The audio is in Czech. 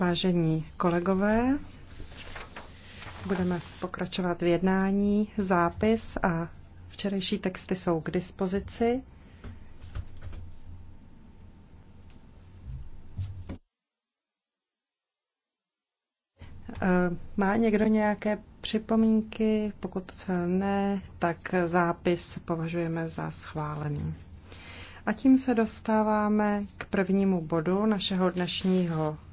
Vážení kolegové, budeme pokračovat v jednání. Zápis a včerejší texty jsou k dispozici. Eh, má někdo nějaké připomínky? Pokud ne, tak zápis považujeme za schválený. A tím se dostáváme k prvnímu bodu našeho dnešního